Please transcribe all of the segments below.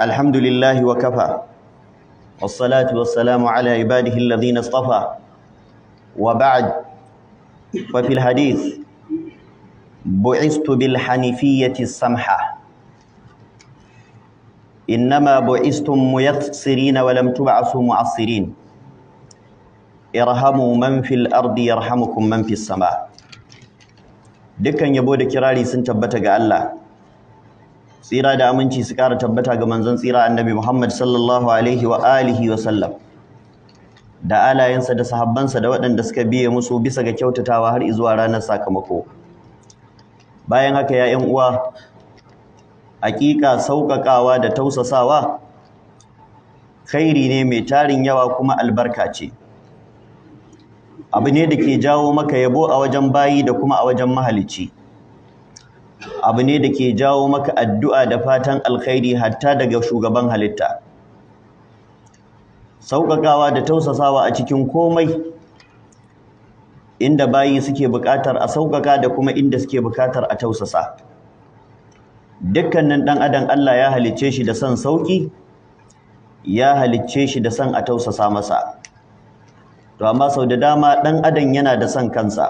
الحمد لله وكفى والصلاة والسلام على عباده الذين اصطفى وبعد ففي الحديث بعثت بالحنيفية السمحة إنما بعثتم ميسرين ولم تبعثوا معصرين irhamu man fil ardi yarhamukum man fis sama dukkan yabo da kirari sun tabbata ga Allah tsira da aminci su ƙara tabbata ga manzon tsira annabi Muhammad sallallahu alaihi wa alihi wa sallam da alayensa da sahabbansa da waɗanda suka biya musu bisa ga kyautatawa har izuwa ranar sakamako bayan haka ya 'yan uwa hakika sauƙaƙawa da tausasawa Kairi ne mai tarin yawa kuma albarka ce abu ne da ke jawo maka yabo a wajen bayi da kuma a wajen mahalicci. abu ne da ke jawo maka addu'a da fatan alkhairi hatta daga shugaban halitta sauƙaƙawa da tausasawa a cikin komai inda bayi suke buƙatar a sauƙaƙa da kuma inda suke buƙatar a tausasa dukkanin ɗan adam Allah ya halicce shi da son sauƙi ya halicce shi da son a tausasa masa to amma sau da dama ɗan adam yana da son kansa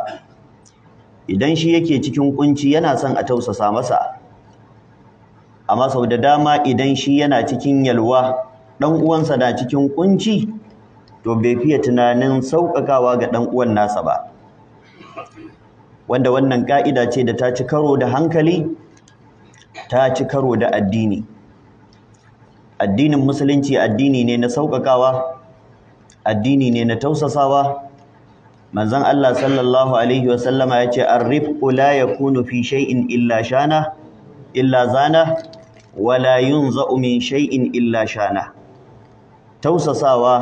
idan shi yake cikin kunci yana son a tausasa masa amma sau da dama idan shi yana cikin yalwa dan uwansa na cikin kunci to bai fiye tunanin sauƙaƙawa ga dan uwan nasa ba wanda wannan ka'ida ce da ta ci karo da hankali ta ci karo da addini addinin musulunci addini ne na sauƙaƙawa addini ne na tausasawa manzon Allah sallallahu alaihi wa sallama yace ar-rifqu la yakunu fi shay'in illa shana illa zana wa la yunza'u min shay'in illa shana tausasawa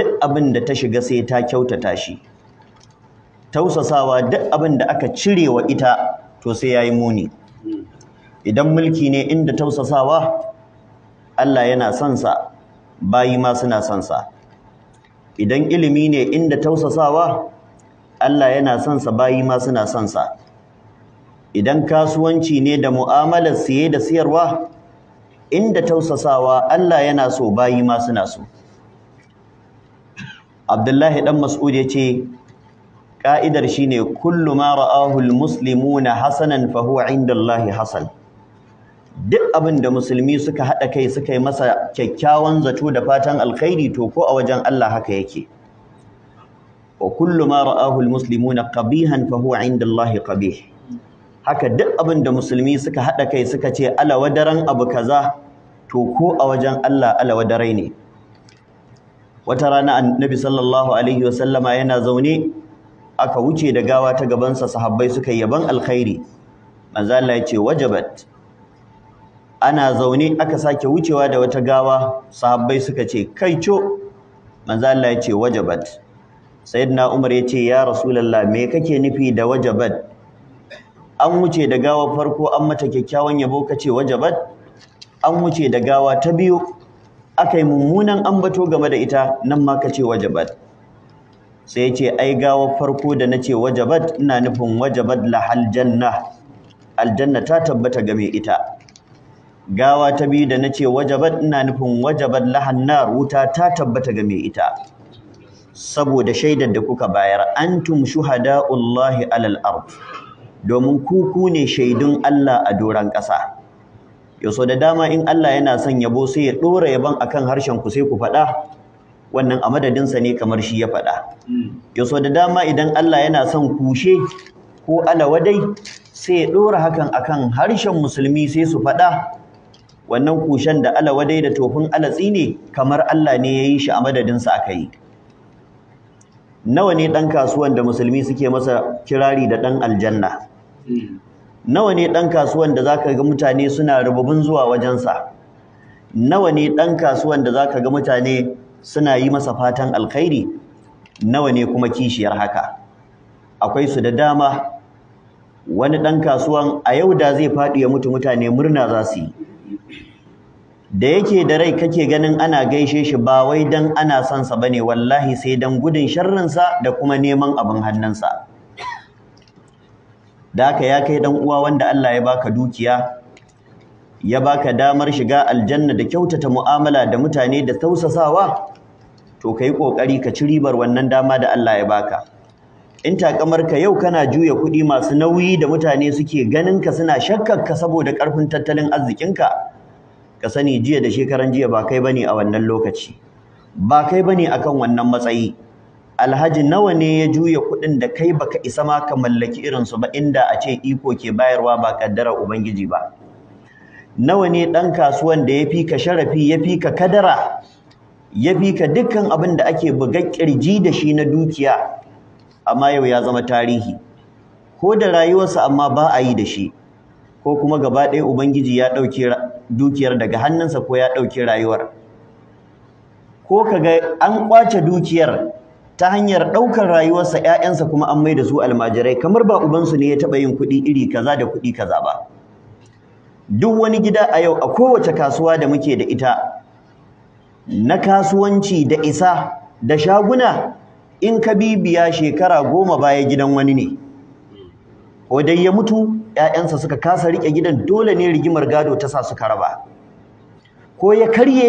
duk abin da ta shiga sai ta kyautata shi tausasawa duk abin da aka cire wa ita to sai yayi muni idan mulki ne inda tausasawa Allah yana son sa bayi ma suna son sa idan ilimi ne inda tausasawa Allah yana son sa bayi ma suna son sa idan kasuwanci ne da mu'amalar siye da siyarwa inda tausasawa Allah yana so bayi ma suna so Abdullahi dan Mas'ud ce, ka'idar shine kullu ma ra'ahu al-muslimuna hasanan fa huwa 'inda Allah hasan duk abin da musulmi suka haɗa kai suka yi masa kyakkyawan zato da fatan alkhairi to ko a wajen Allah haka yake wa kullu ma ra'ahu almuslimuna qabihan fa huwa 'inda Allah qabih haka duk abin da musulmi suka haɗa kai suka ce ala wadaran abu kaza to ko a wajen Allah ala wadarai ne wata rana annabi sallallahu alaihi wasallama yana zaune aka wuce da gawa ta gabansa sahabbai suka yaban alkhairi manzo Allah ya ce wajabat ana zaune aka sake wucewa da wata gawa sahabbai suka ce kai co manzo Allah ya ce wajabat sayyidina Umar ya ce ya rasulullah me kake nufi da wajabat an wuce da gawa farko an mata kyakkyawan yabo kace wajabat an wuce da gawa ta biyu akai mummunan ambato game da ita nan ma kace wajabat sai yace ai gawa farko da nace wajabat ina nufin wajabat lahal janna aljanna ta tabbata game ita gawa ta biyu da nace wajabat ina nufin wajabat lahan nar wuta ta tabbata ga mai ita saboda shaidar da kuka bayar antum shuhada'ullahi alal ard domin ku ku ne shaidun Allah a doran ƙasa yaso da dama in Allah yana son yabo sai ya dora yaban akan harshen ku sai ku faɗa wannan a sa ne kamar shi ya faɗa. Yaso da dama idan Allah yana son kushe ko alawadai sai ya dora hakan akan harshen musulmi sai su faɗa wannan kushen da alawadai da tofin Ala tsine kamar Allah ne ya yi shi a madadinsa aka yi nawa ne ɗan kasuwan da musulmi suke masa kirari da ɗan aljanna nawa ne ɗan kasuwan da za ka ga mutane suna rububin zuwa wajensa nawa ne ɗan kasuwan da za ka ga mutane suna yi masa fatan alkhairi nawa ne kuma kishiyar haka akwai su da dama wani ɗan kasuwan a yau da zai faɗi ya mutu mutane murna za su yi da yake da rai kake ganin ana gaishe shi ba wai dan ana son sa bane wallahi sai dan gudun sharrin sa da kuma neman abin hannunsa da haka ya kai dan uwa wanda Allah ya baka dukiya ya baka damar shiga aljanna da kyautata mu'amala da mutane da tausasawa to kai kokari ka ci ribar wannan dama da Allah ya baka in takamarka yau kana juya kuɗi masu nauyi da mutane suke ganin ka suna shakkarka saboda ƙarfin tattalin arzikinka ka sani jiya da shekaran jiya ba kai bane a wannan lokaci ba kai bane akan wannan matsayi alhaji nawa ne ya juya kuɗin da kai baka isa ma ka mallaki irinsu ba inda a ce iko ke bayarwa ba kaddara ubangiji ba nawa ne ɗan kasuwan da ya fi ka sharafi ya fi ka kadara ya fi ka dukkan abin da ake buga ƙirji da shi na dukiya amma yau ya zama tarihi ko da rayuwarsa amma ba a yi da shi ko kuma gaba ɗaya ubangiji ya ɗauke dukiyar daga hannunsa ko ya ɗauki rayuwar ko ka ga an ƙwace dukiyar ta hanyar ɗaukar rayuwarsa ‘ya'yansa kuma an mai da su almajirai kamar ba ubansu ne ya taɓa yin kuɗi iri kaza da kuɗi kaza ba duk wani gida a yau a kowace kasuwa da muke da ita na kasuwanci da isa da shaguna in ka bibiya shekara goma baya gidan wani ne ko dai ya mutu 'ya'yansa suka kasa rike gidan dole ne rigimar gado ta sa suka raba ko ya karye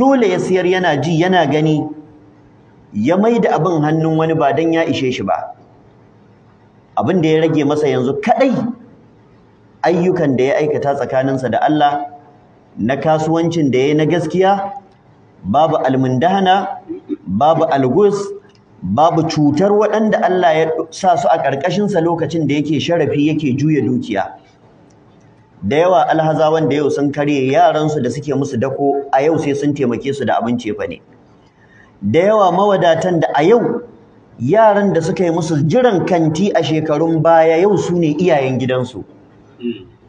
dole ya siyar yana ji yana gani ya maida abin hannun wani ba dan ya ishe shi ba abin da ya rage masa yanzu kaɗai, ayyukan da ya aikata tsakaninsa da Allah na kasuwancin da ya na gaskiya babu almundahana babu algus babu cutar waɗanda Allah ya sa su a ƙarƙashinsa lokacin da yake sharafi yake juya dukiya da yawa alhazawan da yau sun karye yaransu da suke musu dako a yau sai sun taimake su da abin cefa ne da yawa mawadatan da a yau yaran da suka yi musu jiran kanti a shekarun baya yau su ne iyayen gidansu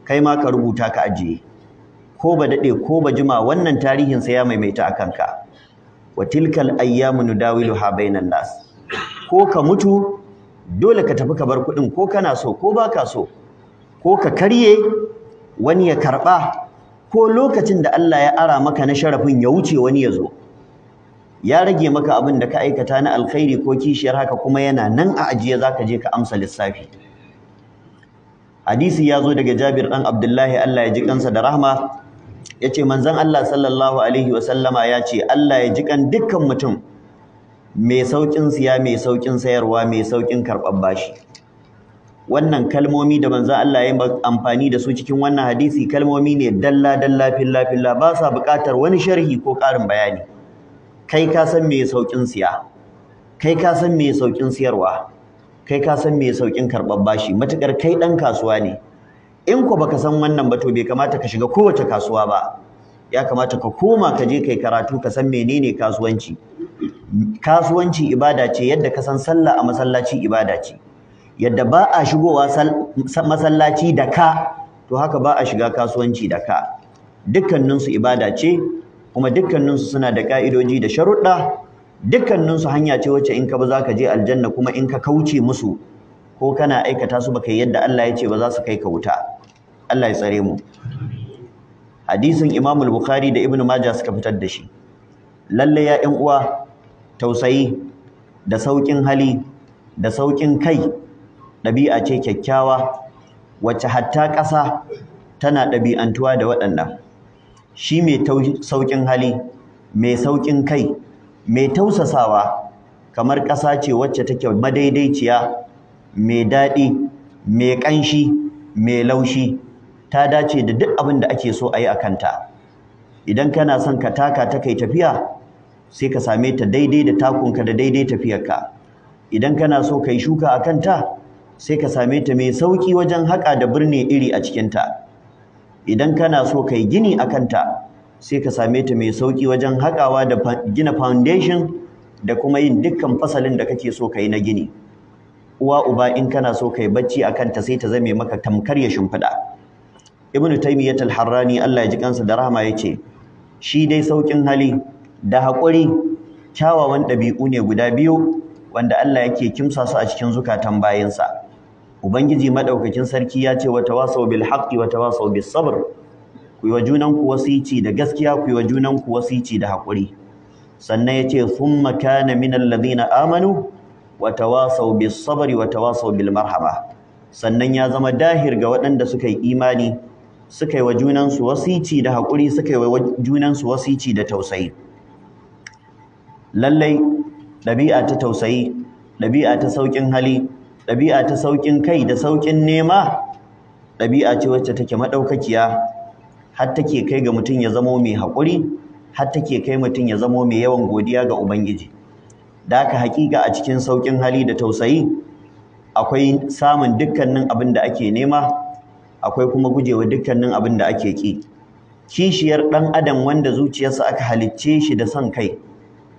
kai ma ka rubuta ka ajiye ko ba daɗe ko ba jima wannan tarihin sa ya maimaita a kanka wa tilkal ayyamu nudawiluha bainan nas ko ka mutu dole ka tafi ka bar kuɗin ko kana so ko baka so ko ka karye wani ya karɓa ko lokacin da Allah ya ara maka na sharafin ya wuce wani ya zo ya rage maka abin da ka aikata na alkhairi ko kishiyar haka kuma yana nan a ajiye zaka je ka amsa lissafi hadisi ya zo daga Jabir dan Abdullahi Allah ya ji kansa da rahma ya ce manzon Allah sallallahu alaihi wasallama ya ce, Allah ya jikan dukkan mutum mai saukin siya mai saukin sayarwa mai saukin karɓar bashi wannan kalmomi da manzon Allah ya yi amfani da su cikin wannan hadisi kalmomi ne dalla dalla filla filla ba sa buƙatar wani sharhi ko ƙarin bayani kai ka san me saukin siya kai ka san me saukin siyarwa kai ka san me saukin karɓar bashi Matuƙar kai ɗan kasuwa ne in ko baka san wannan ba to bai kamata ka shiga kowace kasuwa ba ya kamata ka koma ka je kai karatu ka san menene kasuwanci kasuwanci ibada ce yadda ka san sallah a masallaci ibada ce yadda ba a shigowa masallaci da ka to haka ba a shiga kasuwanci da ka dukkaninsu ibada ce kuma dukkaninsu suna da ka'idoji da sharuɗa dukkaninsu hanya ce wacce in ka ba za ka je aljanna kuma in ka kauce musu ko kana aikata su baka yadda Allah ya ce ba za su kai ka wuta Allah ya tsare mu hadisin Imam al-Bukhari da Ibn Maja suka fitar da shi lalle ya ƴan uwa tausayi da saukin hali da saukin kai ɗabi'a ce kyakkyawa wacce hatta ƙasa tana ɗabi'antuwa da waɗannan shi mai saukin hali mai saukin kai mai tausasawa kamar ƙasa ce wacce take madaidaiciya mai daɗi mai ƙanshi mai laushi ta dace da duk abin da ake so a yi a kanta idan kana son ka taka ta kai tafiya sai ka same ta daidai da takunka da daidai tafiyarka idan kana so ka shuka a kanta sai ka same ta mai sauƙi wajen haƙa da birni iri a cikinta idan kana so ka gini a kanta sai ka same ta mai sauki wajen haƙawa da gina foundation da kuma yin dukkan fasalin da kake so ka yi na gini uwa uba in kana so kai yi bacci a kanta sai ta zame maka tamkar ya shimfiɗa ibn taymiyyah al-harrani Allah ya ji kansa da rahama yace shi dai saukin hali da hakuri kyawawan dabi'u ne guda biyu wanda Allah yake kimsa su a cikin zukatan bayinsa ubangiji madaukakin sarki ya ce wa tawasaw bil haqqi wa bis sabr ku yi wa junanku wasici da gaskiya ku yi wa junanku wasici da hakuri sannan yace thumma kana minal ladina amanu wa bis sabri wa bil marhama sannan ya zama dahir ga waɗanda suka yi imani suka yi wa junansu wasici da haƙuri suka yi wa junansu wasici da tausayi lallai ɗabi'a ta tausayi ɗabi'a ta sauƙin hali ɗabi'a ta sauƙin kai da sauƙin nema ɗabi'a ce wacce take maɗaukakiya har take kai ga mutum ya zamo mai haƙuri har take kai mutum ya zamo mai yawan godiya ga ubangiji da haka haƙiƙa a cikin sauƙin hali da tausayi akwai samun dukkanin abin da ake nema akwai kuma gujewa dukkanin abin da ake ƙi. kishiyar dan adam wanda zuciyarsa aka halicce shi da son kai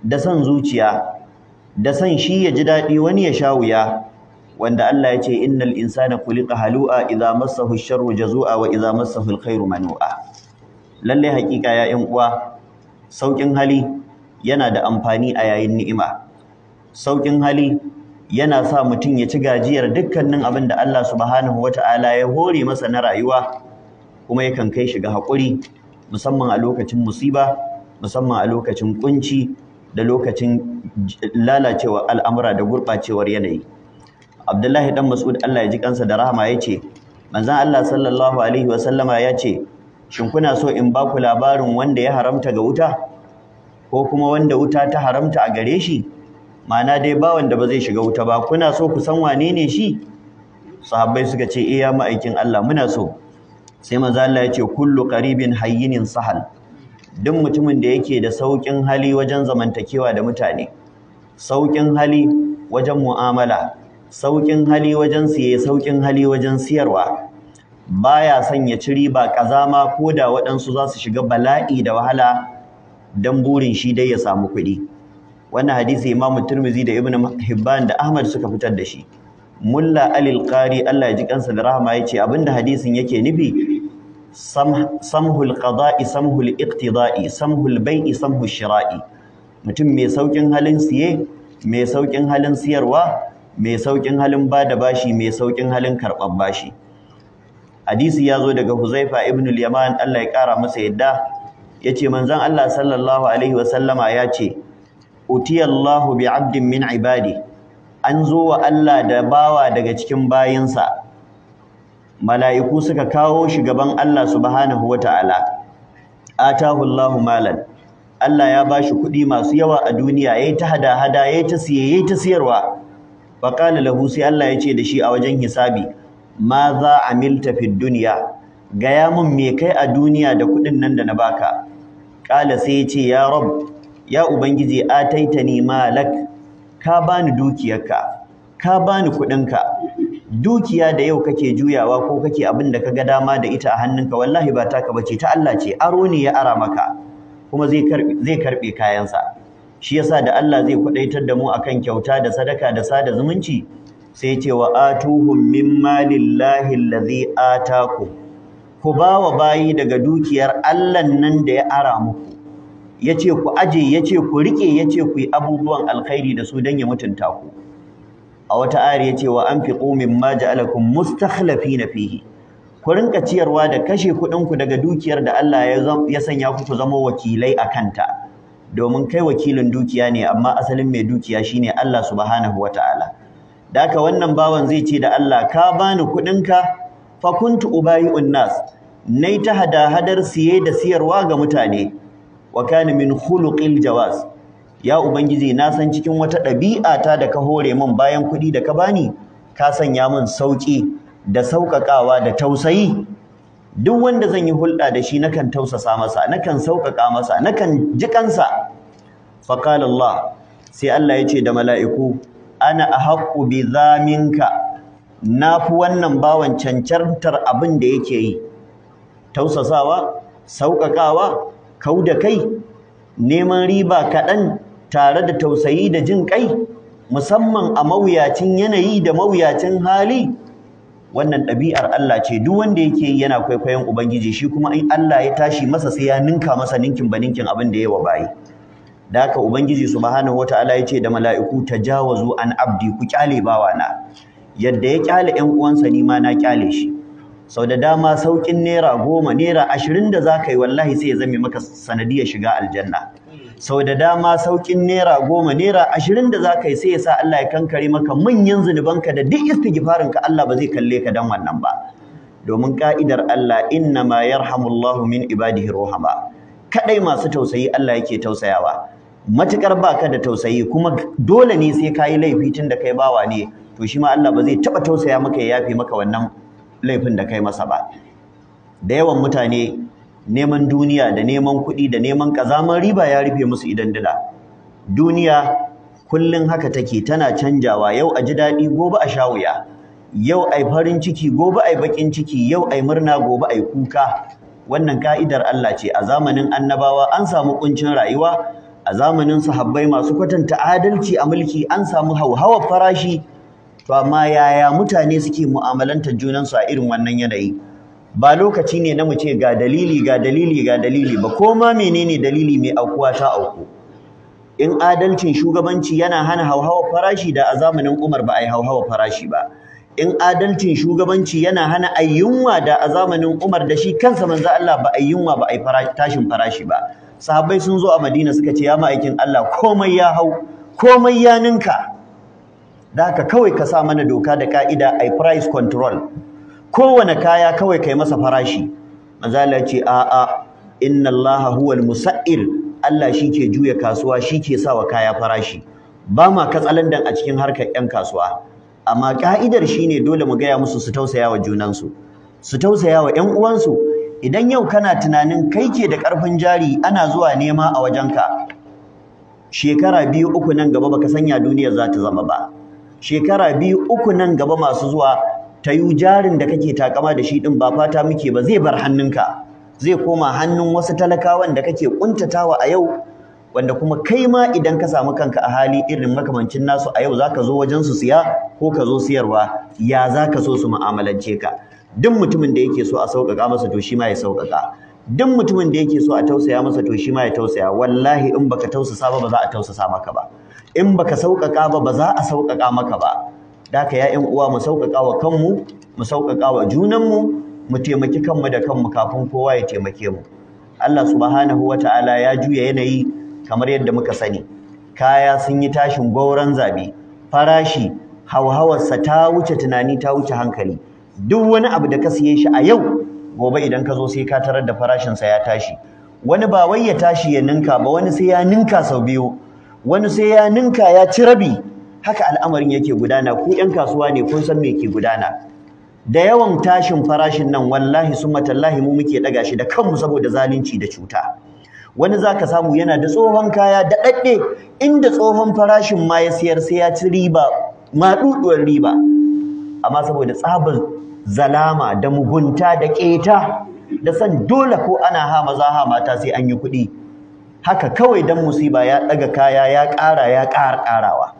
da son zuciya da son shi ya ji daɗi wani ya sha wuya wanda Allah ya ce innal insana khuliqa halu'a idza massahu sharru jazu'a wa idza massahu alkhairu manu'a lalle hakika ya ƴan uwa saukin hali yana da amfani a yayin ni'ima saukin hali yana sa mutum ya ci gajiyar dukkanin abin da Allah subhanahu Ta'ala ya hore masa na rayuwa kuma yakan kai shi ga hakuri, musamman a lokacin musiba musamman a lokacin kunci da lokacin lalacewa al'amura da gurɓacewar yanayi Abdullahi dan Mas'ud Allah ya ji kansa da rahama yace manzon Allah sallallahu alaihi wasallama yace shin kuna so in baku labarin wanda ya haramta ga wuta ko kuma wanda wuta ta haramta a gare shi ma'ana dai ba wanda ba zai shiga wuta ba kuna so ku san wane ne shi sahabbai suka ce eh ma'aikin Allah muna so sai manzo Allah ya ce kullu qaribin hayyinin sahal duk mutumin da yake da saukin hali wajen zamantakewa da mutane saukin hali wajen mu'amala saukin hali wajen siye saukin hali wajen siyarwa baya son ya ci riba kazama ko da waɗansu za su shiga bala'i da wahala dan burin shi dai ya samu kuɗi wannan hadisi Imam turmizi da Ibn Hibban da Ahmad suka fitar da shi Mulla Alil Al-Qari Allah ya ji kansa da rahama ce, abinda hadisin yake nufi samhul qada'i samhul iqtida'i samhul bai'i samhul shira'i mutum mai saukin halin siye mai saukin halin siyarwa mai saukin halin bada bashi mai saukin halin karɓar bashi hadisi ya zo daga Huzaifa ibn al-Yaman Allah ya kara masa yadda yace manzon Allah sallallahu alaihi wasallama ya ce utiyallahu bi abdin min ibadi an zo wa Allah da bawa daga cikin bayinsa mala'iku suka kawo shi gaban Allah subhanahu wata'ala atahu Allahu malan Allah ya bashi kuɗi masu yawa a duniya yayi ta hada-hada yayi ta siye yayi ta siyarwa fa qala lahu sai Allah ya ce da shi a wajen hisabi ma za amilta fid dunya gaya mun me kai a duniya da kuɗin nan da na baka qala sai ya ce ya rabb ya ubangiji a ataitani malak ka bani dukiyarka ka bani kuɗinka dukiya da yau kake juyawa ko kake abin da ga dama da ita a hannunka wallahi ba taka bace ta Allah ce aro ne ya ara maka kuma zai karbe zai karbe kayansa shi yasa da Allah zai kudaitar da mu akan kyauta da sadaka da sada zumunci sai ce wa atuhum min malillahi allazi ataku ku bawa bayi daga dukiyar Allah nan da ya ara muku ya ce ku aje ya ce ku riƙe ya ce ku yi abubuwan alkhairi da su don ya mutunta ku a wata ayar ya ce wa an fi ƙomin ma alakun mustakhlafi na fihi ku rinka ciyarwa da kashe kuɗinku daga dukiyar da Allah ya sanya ku ku zama wakilai a kanta domin kai wakilin dukiya ne amma asalin mai dukiya shine Allah subhanahu wata'ala da wannan bawan zai ce da Allah ka bani kuɗinka fa kuntu ubayi'un nas nai ta hada hadar siye da siyarwa ga mutane wa kana min khuluqil jawaz ya ubangiji na san cikin wata ɗabi'a ta da ka hore min bayan kuɗi da ka bani ka sanya min sauki da sauƙaƙawa da tausayi duk wanda zan yi hulɗa da shi nakan tausasa masa nakan sauƙaƙa masa nakan ji kansa fa qala Allah sai Allah ya ce da mala'iku ana ahaqqu bi zaminka nafi wannan bawan cancantar abin da yake yi tausasawa sauƙaƙawa kau da kai neman riba kaɗan tare da tausayi da jin kai musamman a mawuyacin yanayi da mawuyacin hali wannan ɗabi'ar Allah ce duk wanda yake yana kwaikwayon ubangiji shi kuma in Allah ya tashi masa sai ya ninka masa ninkin ba ninkin abin da yawa bayi da haka ubangiji subhanahu wataala ya ce da mala'iku ta tajawazu an abdi ku kyale bawana yadda ya kyale ƴan uwansa ni ma na kyale shi sau da dama sauƙin naira goma naira ashirin da za ka yi wallahi sai ya zame maka sanadiyar shiga aljanna sau da dama saukin naira goma naira ashirin da za ka yi sai ya sa Allah ya kankare maka manyan zunubanka da duk ka Allah ba zai kalle ka dan wannan ba domin ka'idar Allah inna ma yarhamullahu min ibadihi ruhama Kaɗai masu tausayi Allah yake tausayawa matukar baka da tausayi kuma dole ne sai ka yi laifi tun da kai bawa ne to shi ma Allah ba zai taɓa tausaya maka ya yafe maka wannan laifin da kai masa ba da yawan mutane neman duniya da neman kuɗi da neman ƙazamar riba ya rufe musu idan dila duniya kullum haka take tana canjawa yau a ji daɗi gobe a sha wuya yau ai farin ciki gobe ai bakin ciki yau ai murna gobe ai kuka wannan ka'idar Allah ce a zamanin annabawa an samu ƙuncin rayuwa a zamanin sahabbai masu kwatanta adalci a mulki an samu hauhawar farashi to amma yaya mutane suke mu'amalantar junansu a irin wannan yanayi ba lokaci ne na mu ce ga dalili ga dalili ga dalili ba ko ma menene dalili mai aukuwa ta auku in adalcin shugabanci yana hana hauhawa farashi da a zamanin Umar ba a yi hauhawa farashi ba in adalcin shugabanci yana hana ayyunwa da a zamanin Umar da shi kansa manzo Allah ba ayyunwa ba ai tashin farashi ba sahabbai sun zo a Madina suka ce ya ma'aikin Allah komai ya hau komai ya ninka da haka kawai ka sa mana doka da ka'ida a price control kowane kaya kawai ka yi masa farashi mazala ce a'a inna allaha huwal musa'ir Allah shi ke juya kasuwa shi ke sawa kaya farashi ba ma katsalandan a cikin harkar 'yan kasuwa amma ka'idar shine dole mu gaya musu su tausaya wa junansu su tausaya wa 'yan uwansu idan yau kana tunanin kai ke da ƙarfin jari ana zuwa nema a wajenka shekara biyu uku nan gaba baka sanya duniyar za ta zama ba shekara biyu uku nan gaba masu zuwa ta yi jarin da kake takama da shi din ba fata muke ba zai bar hannunka zai koma hannun wasu talakawan da kake kuntatawa a yau wanda kuma kai ma idan ka samu kanka a hali irin makamancin nasu a yau zaka zo wajen su siya ko ka zo siyarwa ya zaka so su mu'amalance ka duk mutumin da yake so a sauƙaƙa masa to shi ma ya sauƙaƙa duk mutumin da yake so a tausaya masa to shi ma ya tausaya wallahi in baka tausasa ba ba za a tausasa maka ba in baka sauƙaƙa ba ba za a sauƙaƙa maka ba daka ya ƴan uwa mu sauƙaƙa wa kanmu mu sauƙaƙa wa junanmu mu taimaki kanmu da kanmu kafin kowa ya taimake mu Allah subhanahu ta'ala ya juya yanayi kamar yadda muka sani kaya sun yi tashin gwauron zabe farashi hauhawarsa ta wuce tunani ta wuce hankali duk wani abu da ka siye shi a yau gobe idan ka zo sai ka tarar da farashinsa ya tashi wani ba wai ya tashi ya ninka ba wani sai ya ninka sau biyu wani sai ya ninka ya ci rabi haka al'amarin yake gudana ku yan kasuwa ne kun san me ke gudana da yawan tashin farashin nan wallahi summa matallahi mu muke daga shi da kanmu saboda zalunci da cuta wani za ka samu yana da tsohon kaya da ɗaɗɗe inda tsohon farashin ma ya siyar sai ya ci riba maɗuɗuwar riba amma saboda tsabar zalama da mugunta da ƙeta da san dole ko ana ha maza ha mata sai an yi kuɗi haka kawai dan musiba ya ɗaga kaya ya ƙara ya ƙara ƙarawa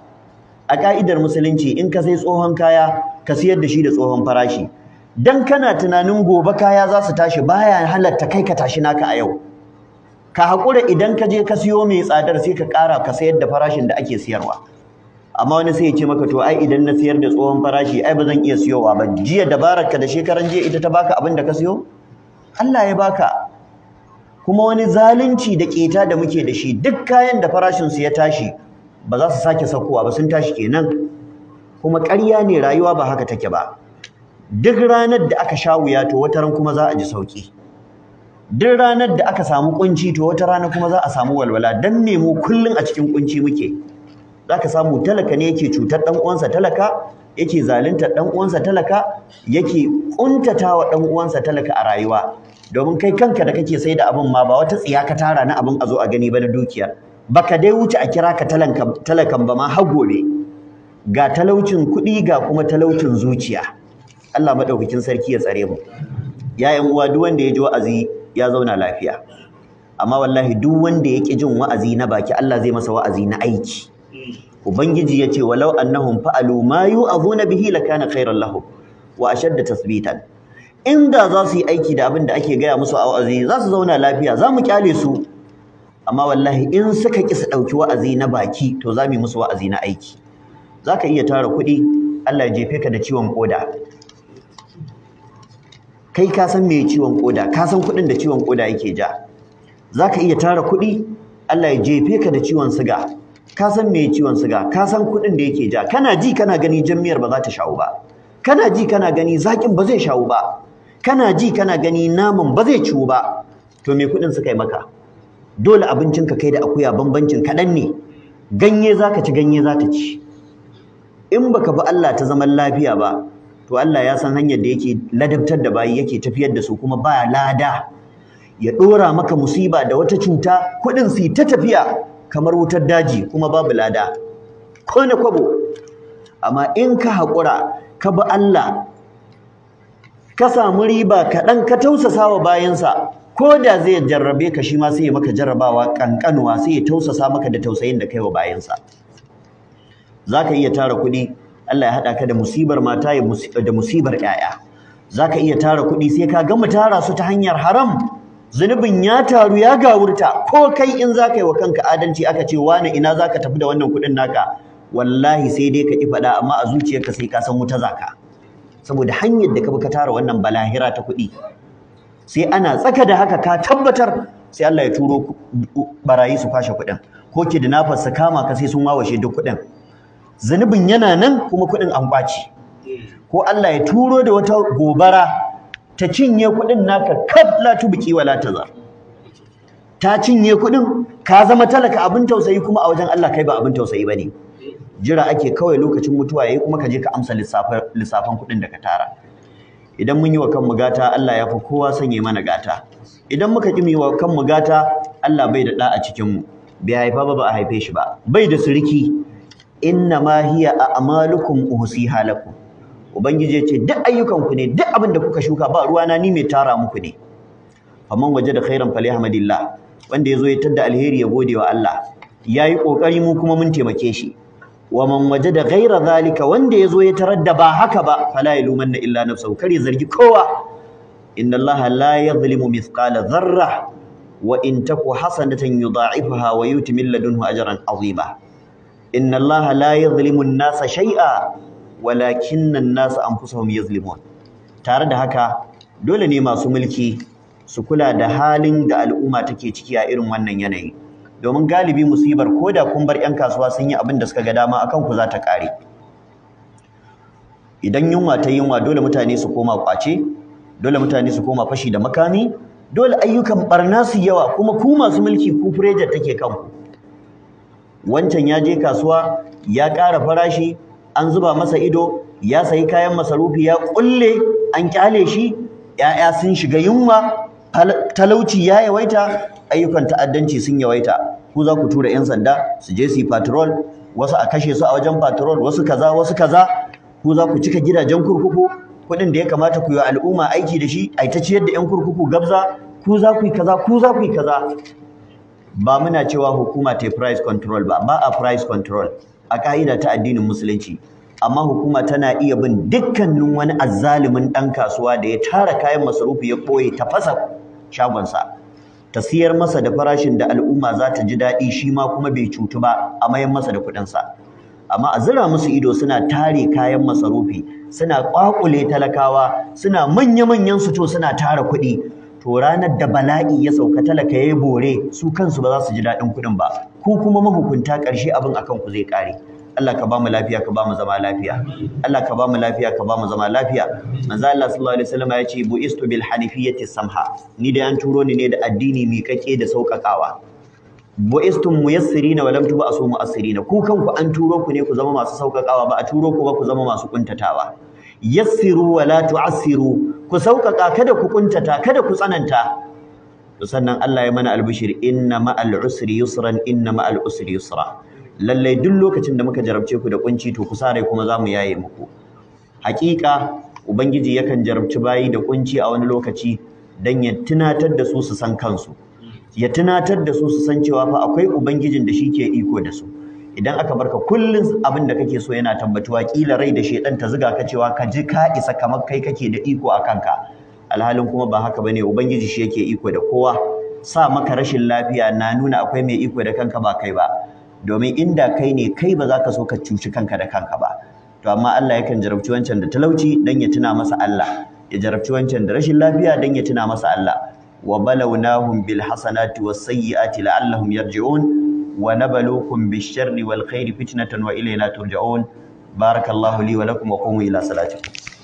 a ka'idar musulunci in ka sai tsohon kaya ka siyar da shi da tsohon farashi dan kana tunanin gobe kaya za su tashi baya halatta kai ka tashi naka a yau ka haƙura idan ka je ka siyo mai tsadar sai ka ƙara ka sayar da farashin da ake siyarwa amma wani sai ya ce maka to ai idan na siyar da tsohon farashi ai ba zan iya siyowa ba jiya dabarar ka da shekaran jiya ita ta baka abin da ka siyo Allah ya baka kuma wani zalunci da keta da muke da shi duk kayan da farashinsu ya tashi ba za su sake saukowa ba sun tashi kenan kuma ƙarya ne rayuwa ba haka take ba duk ranar da aka sha wuya to wata ran kuma za a ji sauki duk ranar da aka samu kunci to wata rana kuma za a samu walwala dan ne mu kullun a cikin kunci muke zaka samu talaka ne yake cutar dan uwansa talaka yake zalunta dan uwansa talaka yake kuntatawa dan uwansa talaka a rayuwa domin kai kanka da kake sai da abin ma ba wata tsiya ka tara na abin a zo a gani ba na dukiya baka dai wuce a kira ka talakan ba ma har gobe ga talaucin kuɗi ga kuma talaucin zuciya Allah madaukakin sarki ya tsare mu yayan uwa duk wanda ya ji wa'azi ya zauna lafiya amma wallahi duk wanda ya ki jin wa'azi na baki Allah zai masa wa'azi na aiki ubangiji ya ce walau annahum fa'alu ma yu'azuna bihi lakana khairan lahum wa ashadda tasbitan inda za su yi aiki da abin da ake gaya musu a wa'azi za su zauna lafiya za mu kyale su amma wallahi in suka ƙi ɗauki wa'azi na baki to za mu yi musu wa'azi na aiki za ka iya tara kuɗi Allah ya jefe ka da ciwon ƙoda kai ka san me ciwon ƙoda ka san kuɗin da ciwon ƙoda yake ja za ka iya tara kuɗi Allah ya jefe ka da ciwon suga. ka san me ciwon suga? ka san kuɗin da yake ja kana ji kana gani jammiyar ba za ta shawo ba kana ji kana gani zaƙin ba zai shawo ba kana ji kana gani naman ba zai ciwo ba to me kuɗin suka yi maka dole abincin ka kai da akuya bambancin kaɗan ne ganye zaka ci ganye za ci in baka bi Allah ta zaman lafiya ba to Allah ya san hanyar da yake ladabtar da bayi yake tafiyar da su kuma ba lada ya ɗora maka musiba da wata cuta kuɗin su ta tafiya kamar wutar daji kuma babu lada ko na kwabo amma in ka haƙura ka bi Allah ka samu riba kaɗan ka tausasa wa bayansa ko da zai jarrabe ka shi ma sai ya maka jarrabawa ƙanƙanuwa sai ya tausasa maka da tausayin da kai wa bayansa za ka iya tara kuɗi Allah ya haɗa ka da musibar mata da musibar ‘ya'ya za ka iya tara kuɗi sai ka gama tara su ta hanyar haram zunubin ya taru ya gawurta ko kai in za ka yi wa kanka adalci aka ce wani ina za ka tafi da wannan kuɗin naka wallahi sai dai ka ƙi faɗa amma a zuciyarka sai ka san wuta zaka. saboda hanyar da ka ka tara wannan balahira ta kuɗi sai ana tsaka da haka ka tabbatar sai Allah ya turo barayi su kwashe kuɗin ko nafas su kama ka sai sun wawashe duk kuɗin Zanubin yana nan kuma kuɗin an kwaci ko Allah ya turo da wata gobara ta cinye kuɗin naka kaf la tubqi wala tazar ta cinye kuɗin ka zama talaka abin tausayi kuma a wajen Allah kai ba abin tausayi bane jira ake kawai lokacin mutuwa yayi kuma ka je ka amsa lissafan kuɗin da ka tara idan mun yi wa kanmu gata Allah ya fi kowa sanye mana gata idan muka ƙi mu wa kanmu gata Allah bai da ɗa a cikin mu bai haifa ba ba a haife shi ba bai da suriki inna ma hiya a amalukum uhsi halakum ubangiji ya ce duk ayyukan ku ne duk abin da kuka shuka ba ruwana ni mai tara muku ne faman kairan khairan Ahmadillah, wanda ya zo ya tadda alheri ya gode wa Allah yayi kokari mu kuma mun taimake shi wa man da gaira zalika wanda ya zo ya tarar da ba haka ba fala ya yalumanna illa nafsuhu kare zargi kowa inna allaha la yadhlimu mithqala dharra wa in taku hasanatan yudha'ifaha wa yuti min ladunhu ajran azima inna allaha la yadhlimu an-nasa shay'a walakinna an-nasa anfusahum yadhlimun tare da haka dole ne masu mulki su kula da halin da al'umma take ciki a irin wannan yanayi domin galibi musibar ko da kun bar 'yan kasuwa sun yi abin da suka ga dama akan ku za ta ƙare idan yunwa ta yunwa dole mutane su koma kwace dole mutane su koma fashi da makami dole ayyukan barna su yawa kuma ku masu mulki ku fureja take kan ku. wancan ya je kasuwa ya ƙara farashi an zuba masa ido ya sayi kayan masarufi ya ƙulle an kyale shi ‘ya'ya sun shiga yunwa talauci ya yawaita ayyukan ta'addanci sun yawaita ku za ku tura 'yan sanda su je su patrol wasu a kashe su a wajen patrol wasu kaza wasu kaza ku za ku cika gidajen kurkuku kuɗin da ya kamata ku yi al'umma aiki da shi a ta ciyar da 'yan kurkuku gabza ku za ku yi kaza ku za ku yi kaza ba muna cewa hukuma ta price control ba ba a price control a ka'ida ta addinin musulunci amma hukuma tana iya bin dukkanin wani azzalumin ɗan kasuwa da ya tara kayan masarufi ya ɓoye ta fasa shagonsa ta siyar masa da farashin da al'umma za ta ji daɗi shi ma kuma bai cutu ba a mayan masa da kuɗinsa amma a zira musu ido suna tare kayan masarufi suna ƙwaƙule talakawa suna manya-manyan su to suna tara kuɗi to ranar da bala'i ya sauka talaka ya yi bore su kansu ba za su ji daɗin kuɗin ba ku kuma mahukunta ƙarshe abin akan ku zai ƙare Allah ka ba mu lafiya ka ba mu zama lafiya Allah ka ba mu lafiya ka ba mu zama lafiya manzo Allah sallallahu alaihi wasallam ya ce bu'istu bil hanifiyyati samha ni da an turo ni ne da addini mi kake da saukakawa bu istum muyassirina wa lam tubu asu muassirina ku kanku an turo ku ne ku zama masu saukakawa ba a turo ku ba ku zama masu kuntatawa yassiru wa la tu'assiru ku saukaka kada ku kuntata kada ku tsananta sannan Allah ya mana albishir inna ma'al usri yusran inna ma'al usri yusra lallai duk lokacin da muka jarabce ku da kunci to ku sare kuma za mu yaye muku Hakika, ubangiji yakan jarabci bayi da kunci a wani lokaci dan ya tunatar da su su san kansu ya tunatar da su su san cewa fa akwai ubangijin da shi iko da su idan aka barka kullun abin da kake so yana tabbatuwa kila rai da shedan ta zuga ka cewa ka ji ka isa kamar kai kake da iko a kanka alhalin kuma ba haka bane ubangiji shi yake iko da kowa sa maka rashin lafiya na nuna akwai mai iko da kanka ba kai ba domin inda kai ne kai ba za ka so ka cuci kanka da kanka ba to amma Allah yakan jarabci wancan da talauci dan ya tuna masa Allah ya jarabci wancan da rashin lafiya dan ya tuna masa Allah wa balawnahum bil hasanati was sayyiati la'allahum yarji'un wa nabluukum bish sharri wal khairi fitnatan wa ilayna turja'un barakallahu li wa lakum wa qumu ila salatikum